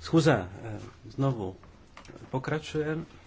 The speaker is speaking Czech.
Schůze eh, znovu pokračuje.